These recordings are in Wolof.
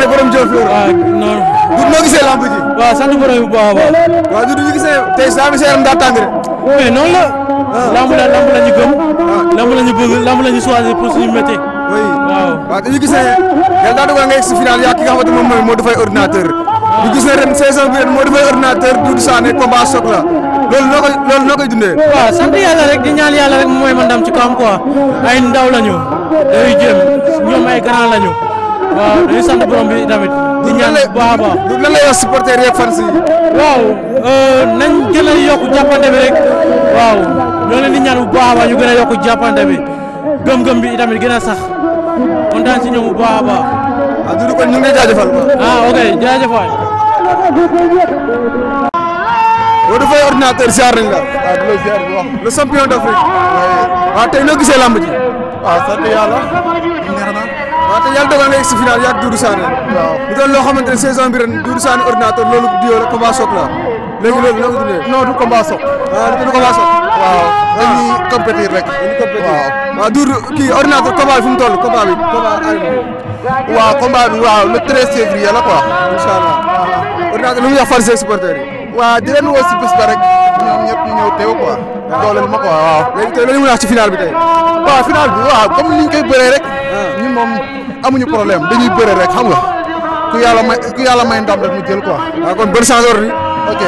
Sané borom Diouf Loor. Ah, waaw noonu. du sant borom bu baax a baax. waaw du ñu gisee tey saa mi sa yaram daa tàng rek. mais noonu la. Ah. lamb la lamb la ñu gëm. Ah. lamb la ñu bëgg lamb la ñu choisir pour suñu yaa la rek di ñaan yàlla rek mooy ma ndam ci kawam quoi ay ndaw lañu. day jëm ñoom ay grand lañu waaw dañuy sant borom bi tamit. di ñaan bu baax a baax lan lay wax supporter yeeg fans yi. a yokk jàppante bi rek waaw ñoo leen ñaan bu baax a ñu gën a yokk jàppante bi gëm-gëm bi tamit gën a sax kontaan si ñoom bu baax a baax. ah Doudou kon ñu ngi lay jaajëfal. ah ok jaajëf waay. boo dafay ordinateur ziar la. waaw ah, di la ziar bu ah, tey noo gisee lamb waaw te yàlla dogal nga egg si final yaag Doudou Sané waaw mu doon loo xamante ne saison bi ren Doudou Sané ordinateur loolu duo la combat soog la léegi loolu noo ko dundee non du combat soog waaw ah, du combat soog waaw ah. dañuy compétir rek dañuy compétir waaw waaw ah, Doudou kii ordinateur combat bi fu mu toll combat bi combat a waaw combat bi waaw le 13 février la quoi incha allah ordinateur lu muy wax fan ses supporters yi waaw di leen woo si bés ba rek ñoom ñëpp ñu ñëw teew quoi dooleel ma quoi waaw léegi tey loolu ñu mën a wax ci final bi tey waaw final bi waaw comme ni ñu koy bëree rek ñun moom amuñu problème dañuy bëre rek xam ku yàlla may ku yàlla may ndam rek mu jël quoi. waaw kon bonne chance aujourd'hui. ok.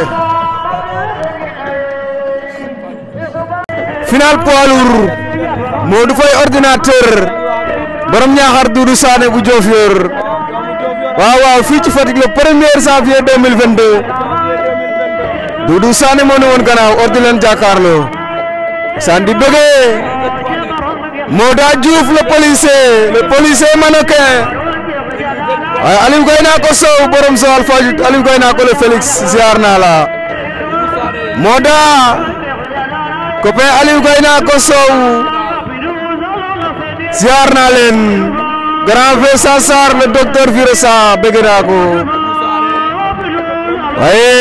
final poids lourd Modou Faye ordinateur borom ñaaxar Doudou Sané bu Diofior waaw waaw fii ci Fatick le premier janvier 2022 Doudou Sané moo ne woon gannaaw ordi leen jàkkaarloo di bëggee Moda Diouf le policier le policier mannequin waaye Aliou Gueye naa ko sow borom Joal Fadiouth Aliou Gueye naa ko le Félix ziar naa la Moda copain Aliou Gueye naa ko sow ziar naa leen grand V Sassar le docteur Virosa bëgg naa ko waaye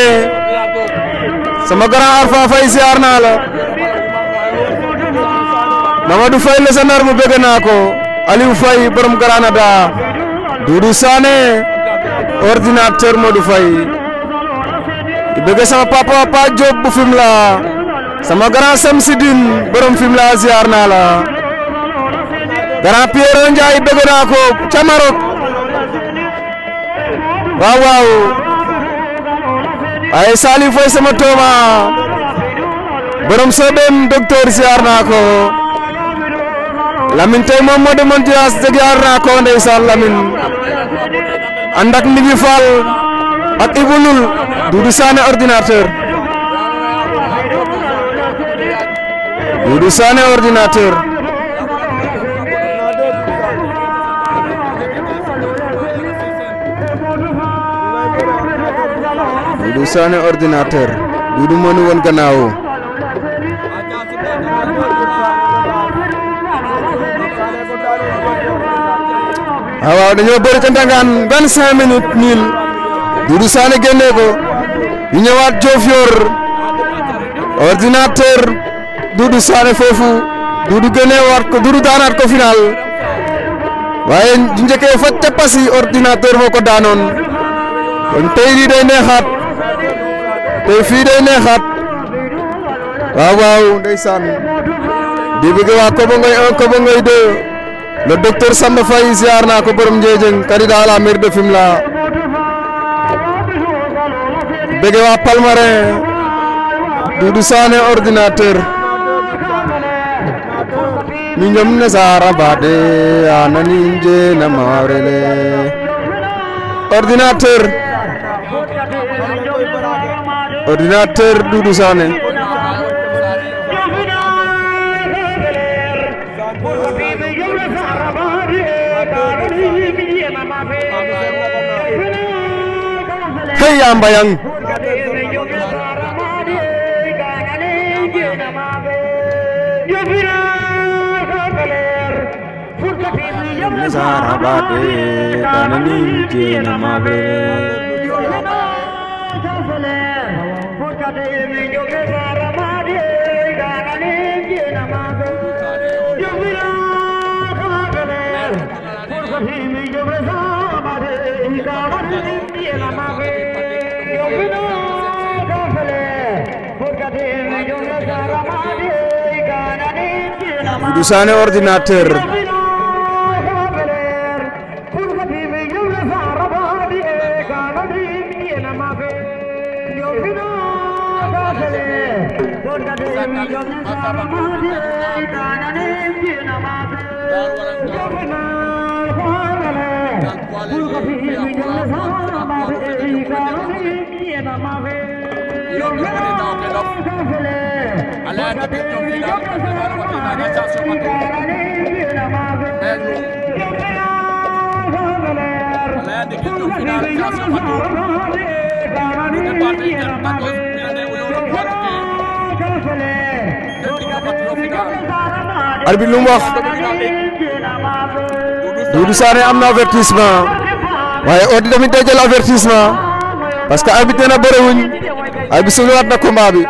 sama grand Alpha Faye ziar la. Mamadou Faye le gendarme bëgg naa ko Aliou Faye borom Granada Doudou Sané ordinateur Modou Faye di bëgg sama papa Pa Diop bu Fimela sama grand Sam Sidine borom Fimela ziar naa la grand Pierre Ndiaye bëgg naa ko ca Maroc waaw ay Saliou Faye sama tooma borom Sobem docteur ziar naa ko Lamine tey moom moo demoon Dias jaar naa ko ndeysaan Lamine ànd ak Ndingi Fall ak Ibou Loul Doudou Sané ordinateur Doudou Sané ordinateur Doudou Sané ordinateur Doudou moo ñu woon waaw ah, waaw dañoo bëri ca Ndangaan vingt cinq minutes niil Doudou Sané génnee ko ñu ñëwaat Diofior ordinateur Doudou Sané foofu Doudou génneewaat ko Doudou daanaat ko final waaye ñu njëkkee fa teppasi ordinateur moo ko daanoon kon tey lii day neexaat tey fii day neexaat waaw waaw ndeysaan di bëgg waa Kobo Ngoy 1 le docteur Samba Faye ziar naa ko borom Ndiédiène candidat à la mairie de Fimela bëgg waa Palmarin Doudou Sané ordinateur mi ñoom ne saara baade anani nje na mawarele ordinateur ordinateur Doudou Sané yambayang Sarabade, Thank you. Doudou Sané ordinateur Thank يوم يوم تاقلف على تبيتهم في الأرض والنار وبما نزع على تبيتهم في الأرض arbi lu mu wax Doudou Sané am na avertissement waaye Odi tamit day jël avertissement parce que arbitre nee na bëre wuñ waat na combat bi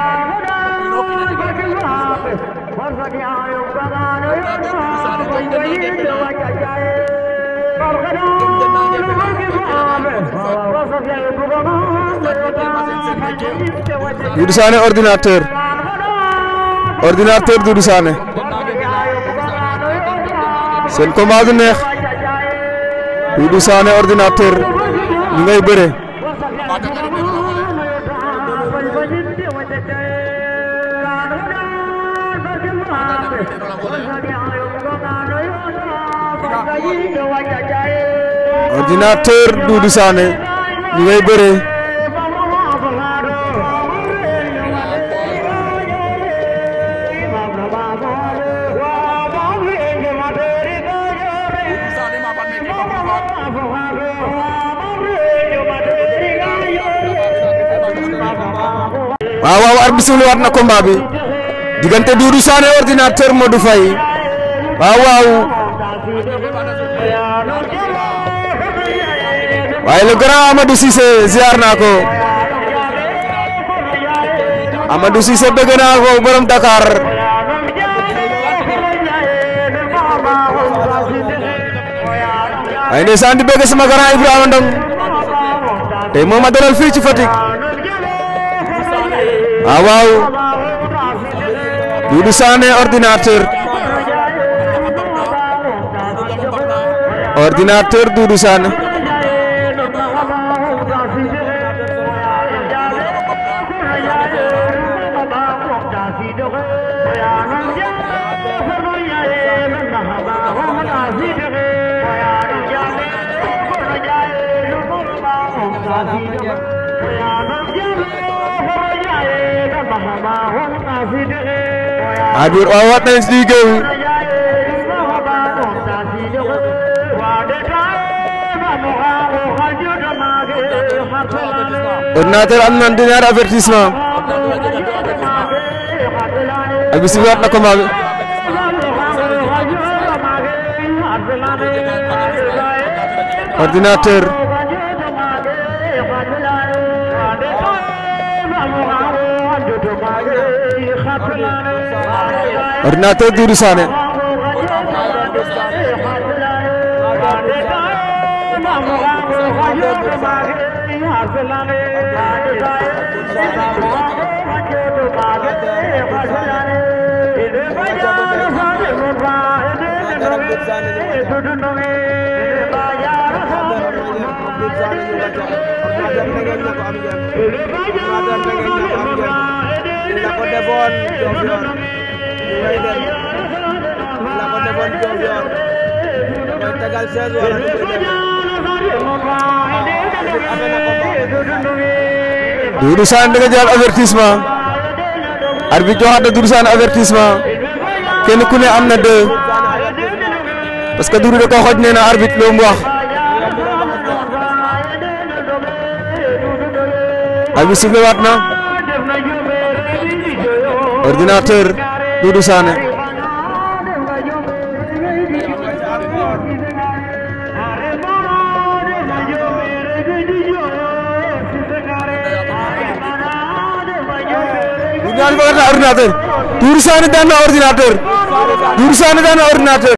Doudou Sané ordinateur ordinateur Doudou Sané seen combat du neex Doudou Sané ordinateur ñu ngay bëre ordinateur Doudou Sané ñu na combat bi diggante Doudou Sané ordinateur Modou Faye waaw waaw waaye le grand Amadou Cissé naa ko Amadou Cissé bëgg naa borom Dakar waaye ndeysaan di bëgg sama grand Ibrahima tey moom a dalal fii ci Fatick waaw Dudusane ordinator Ordinator dudusane Adur awat ناس ديجو ordinateur am na dernier avertissement ak bi si waat Renate Durisane. Devan, may dem la ko defoon joof yoon da koy tegal 16 wala du ko def Doudou Sane da nga jël avertissement arbitre joxaat na Doudou Sane avertissement kenn ku ne am na deux parce que Doudou da ko xoj nee na arbitre lu mu wax arbitre sifflé waat na ordinateur डूडू शाह ने അരുണാഥൻ തീർച്ചയായും തന്നെ അവർ നാട്ടർ തീർച്ചയായും തന്നെ അവർ നാട്ടർ